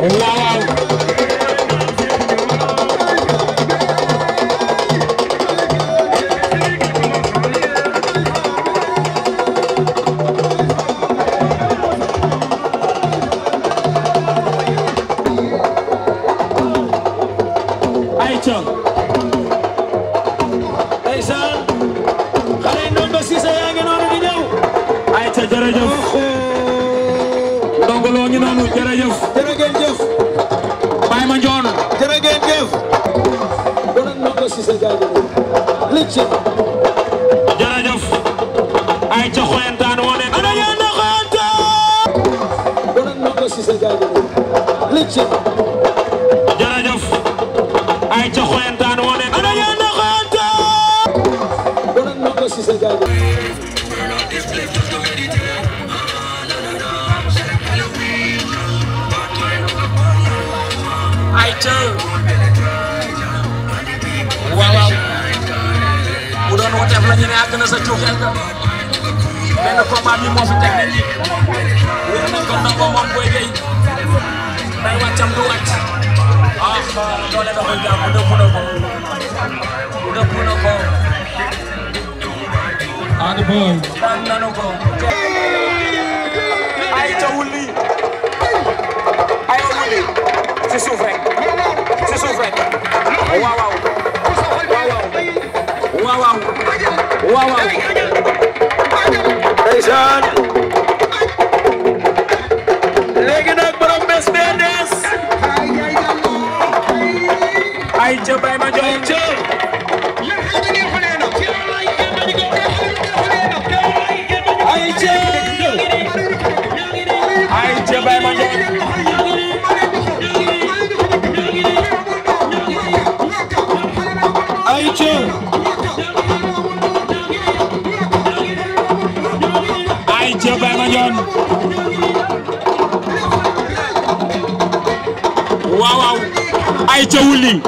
Wow. ngeen jëf. Baye ma Njoon. jërë ngeen jëf. doon na ko si sa gars yi jërëjëf. ay ca xoyantaan moo nekk. ana yéen a xoyantaan. doon na ko si sa gars yi jërëjëf. ay ca xoyantaan. la ñu ne àgg na sa cuuf yàlla benn combat bi moo fi teg nit ñi wér nañ ko ndax moom moom booy gay day wàccam du wàcc ah doole da koy jàpp dëpp na ko dëpp na ko Ada Boy daan nanu ko ay ca wulli ay wulli ci suuf rek ci suuf rek waaw waaw waaw waaw waaw waaw ay ca wuli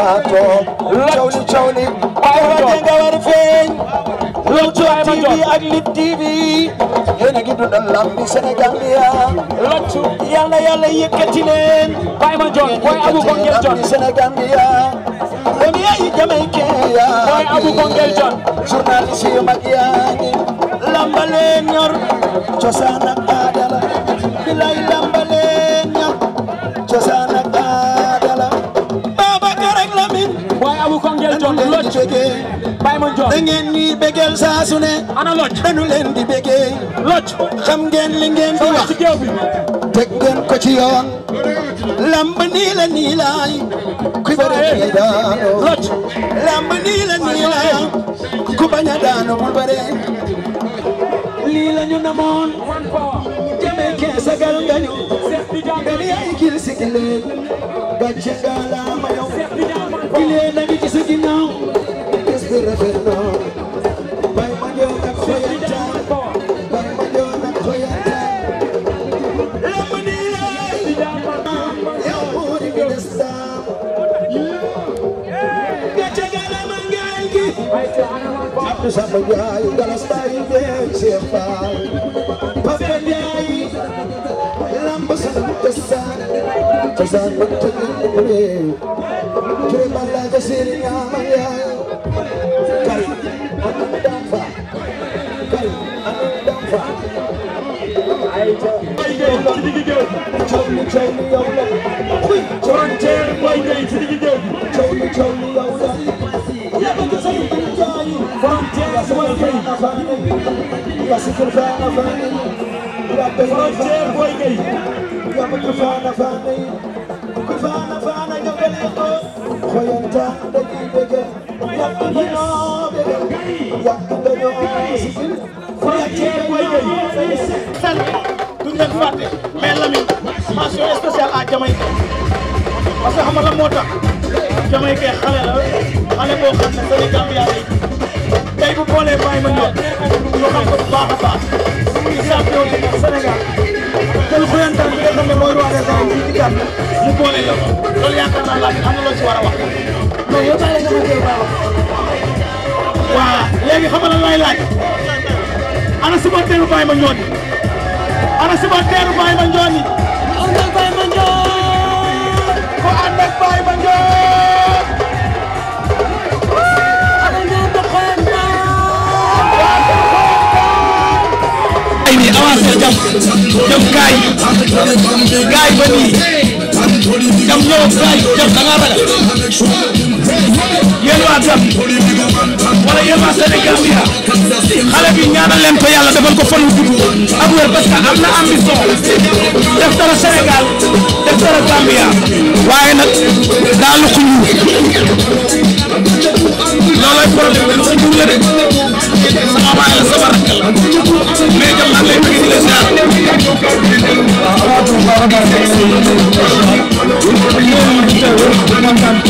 Akbar cawli cawli waaye ma danga war feeñ Leewtoo TV ak Lutte TV yéen a ngi dundal lambi Sénégal ya yàlla yàlla yëkkati leen waaye ma jox waaye Abu Kongel John Sénégal ya doomi ay Jamaïcain ya waaye Abu Kongel John journaliste yu mag yaa ngi lambaleen ñor cosaan ak aada la béggee Baye Mandione da ngeen ñuy béggeel saa su ne ana loj dañu leen di béggee loj xam ngeen li ngeen di wax teg ngeen ko ci yoon lamb nii la nii laay ku bëre kii daanu loj lamb nii la nii laay ku a ñu namoon jëmee gilee nañu ci sa ginnaaw bés bi rafet na bay ma ñëw nag xoyantaan bay ma ñëw nag xoyantaan lamb ni yow buuri mi des daam gàcce ganama ngeel gi Abdou Samba Njaay galas baay beey Cheikh Fall Pape Njaay lamb sa cosaan cosaan ba tëgg réew Kure bala ka siri na maya Kari anu damfa Kari anu damfa Aija Aija siri ki gel Chowlu chowlu yawla Chowlu chowlu aija siri ki gel Chowlu chowlu yawla Yaba ka sari ki jayu Frontier boy gay Yasifir fana fana Frontier boy gay Yaba ka fana fana yi frontière Boy Gueye seen duñ leen fàtte mais Lamine mention spéciale à Jamaïque parce que xam nga lan moo tax Jamaïque xale la xale boo xam ne seen i Gambia yi tey bu boolee bàyyi ma ñor ñu xam ko bu baax a baax champion du Sénégal jël xoyantaan bi nga xam ne mooy roi des arènes fii ci Gàmbi mu boole yow loolu yaakaar naa Lamine am na loo ci war a wax. non yow bàyyi la nga ma jël baax waaw léegi xam nga lay laaj ana supporteru Baye Mandione ana supporteru Baye Mandione ko ànd ak Baye Mandione ko ànd ak Baye Mandione jam kaay kaay ba nii jam ñëw kaay jam da ngaa ragal yéen waa jam wala yéen waa Sénégal bi ah xale bi ñaanal leen ko yàlla defal ko fan wu gudd ak wér parce que am na ambition def dara Sénégal def waaye nag daa lu ko ñuul loolooy problème bi lu ko ñuul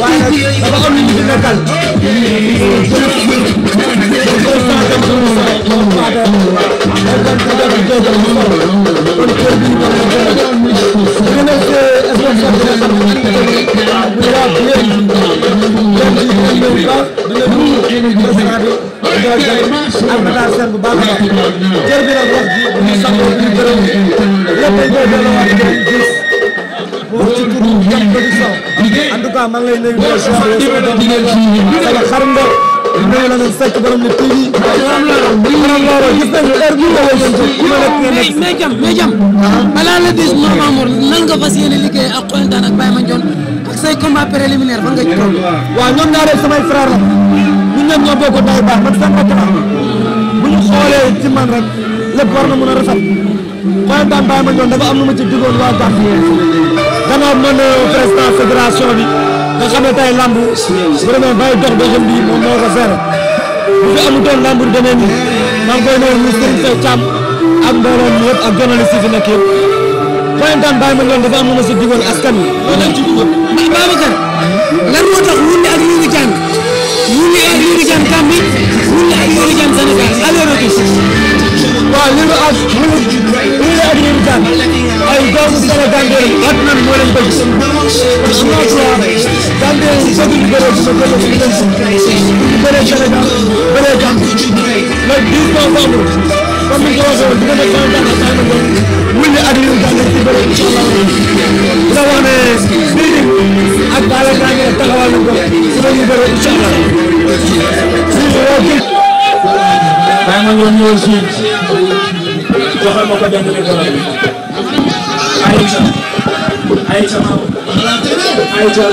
waaye nag dafa am lu ñu fi nekkal kon maa ngi lay nuyu di la si waat di la di leen si xar Ngor. nuyu na leen Seck borom ne TV. borom Loro borom Loro gis nañu heure bii nga woon ci ku la nekk nga nekk. mais jam mais jam. balaa la dis Mame Amour nan nga fas yéene liggéey ak Xoyantaan ak Baye Mandione ak say combat préliminaire fan nga ci toll. waaw ñoom ñaare samay frère la ñun ñoom ñoo bokk day baax man sama kanam bu ñu xoolee ci man rek lépp war na mën a rafet Xoyantaan Baye Mandione dafa am lu ma ci digoon waa Gambie. dana mën président fédération bi. nga xam ne tey lamb vraiment bàyyi dox ba xam ni moom moo ko feere bu fi amutoon lamb bi demee nii maa ngi koy nuyu muy Serigne Faye ak mbooloo mi yëpp ak journaliste yi fi nekk yëpp pointaan bàyyi ma ma si digal askan wi. loolu lañ ci dugal. ndax Babacar lan moo ak yuuru wulli ak yuuru jàng Gambie wulli ak yuuru jàng Sénégal alors que. waaw li mu ak wulli wulli ak yuuru ay doomu Sénégal àdduna bi moo leen bëgg am naa droit Gambie bëgg ñu bëree su ma bëgg ñu leen si ñu bëree Sénégal bëree Gambie le 10 novembre comme ni nga ko waxee woon diggante Fane Dane ak Fane Ngom wulli ak Liru Gane ci bëre incha allah dina wax ne bii nii ak Balla Gane taxawal na ko dina ñu bëre incha allah maa ngi woon ñëw si joxal ma ko benn micro bi ayca ayca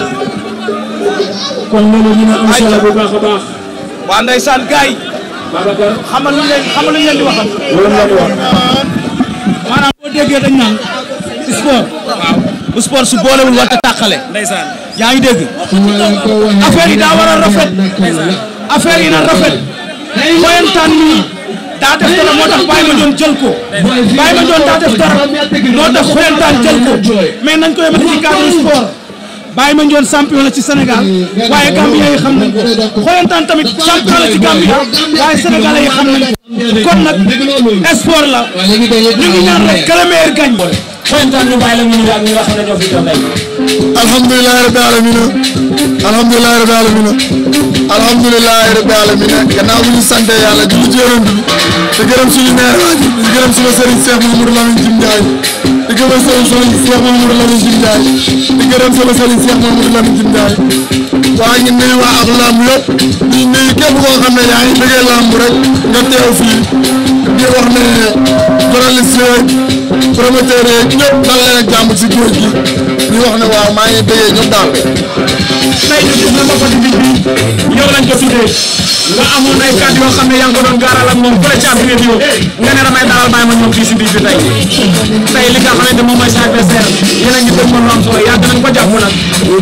kon loolu a baax. waa ndeysaan gars yi. Babacar xamal luñ leen xamal luñ leen waxal. loolu la ñu wax. maanaam boo sport. waaw su boolewul war a tàqale. ndeysaan yaa ngi dégg. affaire yi daa war rafet. affaire yi na rafet. xoyantaan nii. daa def dara moo tax bàyyi ma doon jël ko. bàyyi ma doon daa def dara. moo tax kontaan jël ko mais nañ koy mettre ci cadre sport bàyyi ma njoon ci Sénégal waaye Gambien yi xam nañ ko xoyantaan tamit champion la ci Gambien waaye sénégalais xam nañ ko kon nag sport la ñu ngi ñaan rek que le xoyantaan ñu bàyyi la ñu daal ñi nga xam ne ñoo fi doon lay. alhamdulilah rabbil alamina alhamdulilah rabbil alamina alhamdulilah rabbil alamina gannaaw bu ñu sant yàlla di ci yonent bi te gërëm suñu maire waaji di gërëm suñu sëriñ Cheikh Mamadou Lamine Jim Ndiaye di gërëm suñu sëriñ Cheikh Mamadou Lamine Jim Ndiaye di gërëm suñu sëriñ Cheikh Mamadou Lamine Jim Ndiaye waa ngi nuyu waa ak lamb yëpp di nuyu képp koo xam ne yaa ngi bëggee lamb rek nga teew fii di wax ne journaliste yeeg promoteur yeeg ñëpp dal leen ak jàmm ci góor gi di wax ne waaw maa ngi bëggee ñëpp daal. tey ñu gis ne mbokku nit ñi yow lañ ko tuddee. nga amoon ay kàddu yoo xam ne yaa ngi ko doon gaaral ak moom fële ca biir réew nga ne damay dalal bàyyi ma ñoom fii si biir bi tey tey li nga xamante moom sa adversaire a ngi dégg moom lu am solo yàgg nañ ko jàpp nag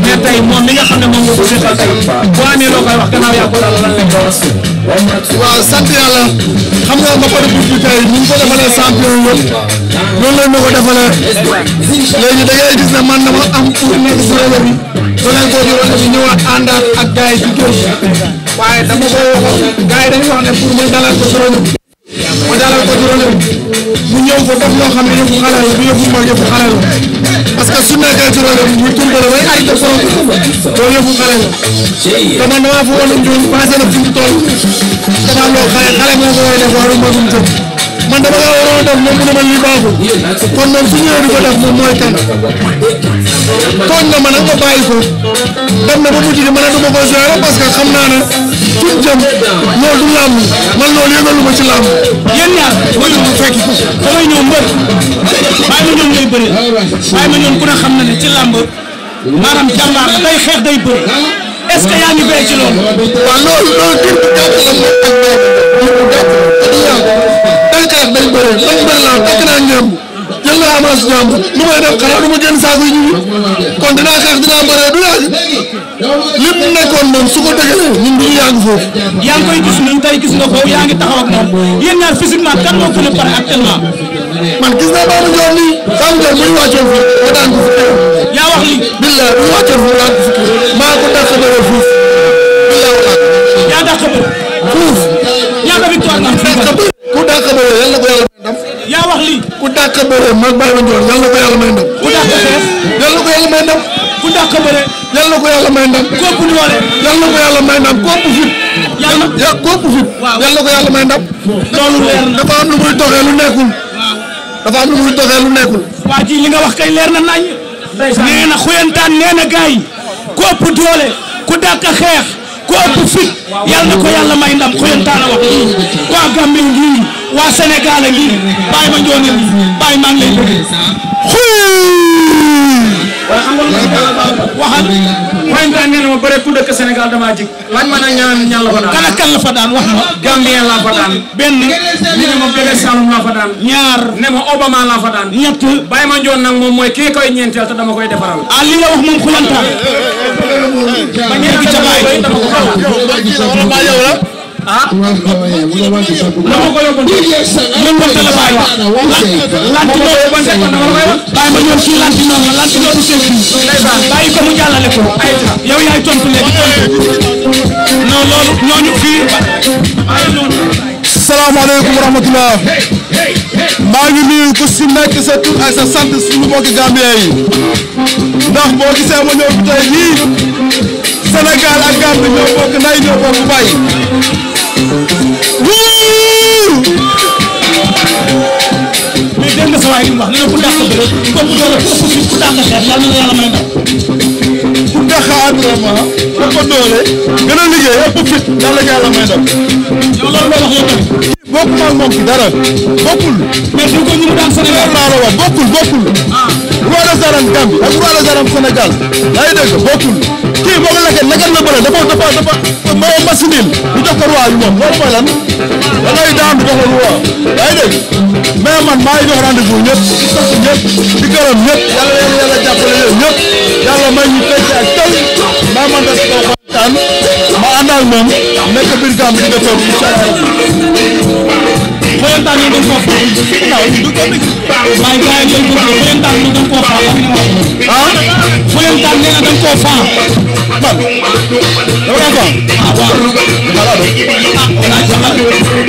mais tey moom li nga xam ne moom nga ko seetal tey boo amee loo koy ko defalee champion yëpp noonu lañ ma ko defalee léegi da gis ne man dama am pour nekk si réew mi ba leen ko juróomi ñëwaat àndaat ak gars yi ci waaye dama koy wax gars yi dañuy wax ne pour ma dalal ko drone ma dalal ko drone mu ñëw fa def loo xam ne yëfu xale la bu yëfu mag yëfu xale la parce que su nekkee drone mu tumbale way ay def borom loolu yëfu xale la te man damaa fa woon ñu passé na fi mu toll damaa loo xale xale moo ko war a def waru magum jëm man dama ko def moom mu ne ma lii baaxul kon moom su ñëwee di moom mooy kan tooñ na ma a ma ko dem na ba a di ma ne du ma ko gérer parce que xam naa a fi mu jëm loolu du làmb man loolu yëngalu ma ci làmb. yéen ñaar wala mu fekk damay ñëw mbër bàyyi ma ñoom ngay bëri bàyyi ma ñoom ku ne xam na ne ci làmb maanaam jàmbaar la day xeex day bëri est-ce que ngi béy ci loolu. waaw loolu loolu tur bi gàtt la moom waa Kaaf dañ bëre man mbër laa takk naa njàmb jël naa avance njàmb nu may def xanaa du ma génn saako yi ñu kon dinaa xeex dinaa bëre du laaj lépp nekkoon moom su ko dëgalee ñun du ñu yaa ngi foofu. yaa ngi koy gis ñun tey gis nga foofu yaa ngi taxaw ak moom yéen ñaar physiquement kan moo gën a pare actuellement. man gis naa Babou Ndiol nii. Babou Ndiol bu ñu wàccoon fii ma daan ko fi teew. yaa wax lii. billaay bu ñu wàccoon fii ma daan ko fi teew maa ko dàq bëre fuuf. billaay yaa dàq bëre. fuuf. ñaata victoire nga am dàq bëre mag Baye Mandione yal na ko yàlla may ndam. ku dàq xeex yal na ko yàlla may ndam. ku dàq bëre yal na ko yàlla may ndam. kopp doole yal na ko yàlla may ndam kopp fit. yal na ya kopp fit. waaw yal na ko yàlla may ndam. loolu leer na dafa am lu muy doxee lu nekkul. dafa am lu muy doxee lu nekkul. waa ji li nga wax kay leer na nañ. nee na xuyantaan nee na gars yi ku ëpp doole ku dàq xeex ku ëpp fit yal na ko yàlla may ndam xuyantaan a wax waa Gambie ngi waa Sénégal a ngi ma njoon a ngi bàyyi maa ngi lay bëgg waxal point daan nee ma bëre ku dëkk Sénégal damaa jig laaj ma na ñaan ñaan la kan ak kan Gambien laa fa daan benn ma Bébé Saloum laa ñaar ne ma Obama laa fa daan ñett bàyyi ma njoon nag moom mooy kii koy ñeenteel dama koy defaral ah li wax moom xulantaan ma ñeenteel dama koy dama ko ah waaw ñooñu fii. salaamaaleykum wa rahmatulah. maa ngi nuyu ku si nekk sa sa sant suñu mbokki Gambien ndax boo gisee ma ñëw tey jii. Sénégal ak Gambie ñoo ñoo bokk bay. mais dégg nga sa waay li mu wax nee na ku dàq bëre kooku doole ku ëpp fit ku dàq xeex yàlla na yàlla may ndam. ku dàq entraînement ëpp doole gën a liggéey ëpp fit yàlla na yàlla may ndam. yow loolu loo wax yow tamit. bokkul ak moom ci dara bokkul. mais du ko ñu mu daan Sénégal laa la wax bokkul bokkul. Gambie ak roi des arènes Sénégal yaa ngi dégg bokkul kii boo ko lekkee lekkat na bële dafa dafa dafa moo masinil da ngay daan maa ngi jox may ñu fecce di nga toog incha Xoyantaan ñu doon koo faal. waaye gars yi ñu doon xoyantaan ñu doon koo faal. ah xoyantaan nee na dañ koo faal. man dama doon faal. ah waaw. voilà donc. ah on a jàppal. dama doon faal.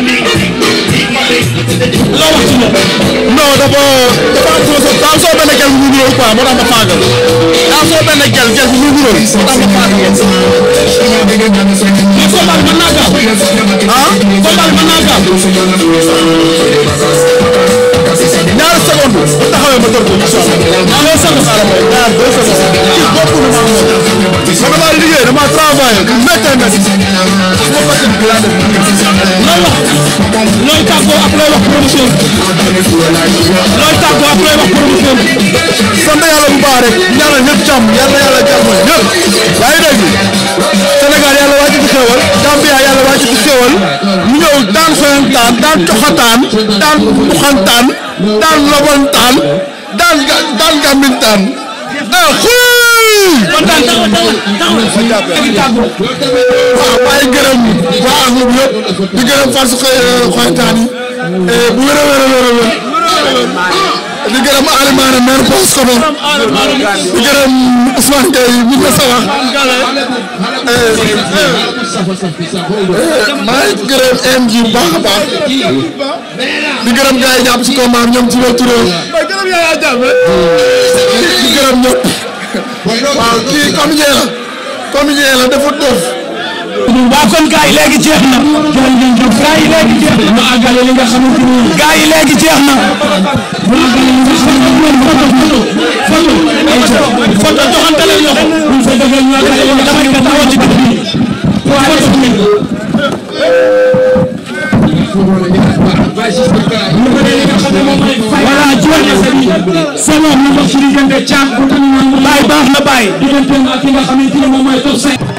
Thank you. loo wax ci moom. non dafa dafa am soo daa am soo benn gel bu ñu niróo quoi moo tax ma faagal. daa am soo benn gel gel bu ñu niróo moo tax ma faagal. mais combat bi mën naa gaaw. ah combat bi mën naa gaaw. ñaari seconde bu taxawee ma dër ko incha allah. deux secondes la mooy ñaar deux secondes. kii bokkul ma am moom. man damaa liggéey damaa travaillé métti métti. ma fàttali bi laa def. looy tàggoo ak looy wax promotion looy tàggoo ak looy wax promotion sant yàlla bu baax rek ñaanal ñëpp jàmm yàlla yaa ngi dégg ah xuy. kontaan taxawal taxawal taxawal. waaw maa ngi gërëm waa Amour yëpp di gërëm Fatou Seye eh, xoyantaan yi eh, bu wér a wér a wér a wér. di gërëm Alimane maire Poos Kobo di gërëm Ousmane Gueye bu ñu sa wax maa ngi gërëm MG bu baax baax di gërëm gars yi jàpp si combat ñoom ci wàllu turam di gërëm ñëpp waaw la comédien def waa kon gaa yi léegi jeex na. gaa yi léegi jeex na. mu àggale li nga xamante ni. gaa yi léegi jeex na. mu àggale li nga xamante ni. foto foto foto joxante leen loxo. buñ fa dëggal ñu àggale li nga xamante ni taxaw ci dëkk bi. voilà jeex na sëñ bi. solo mu ngi ci diggante Thiam. bàyyi baax na bàyyi. diggante ak ki nga xamante ni moom mooy top 5.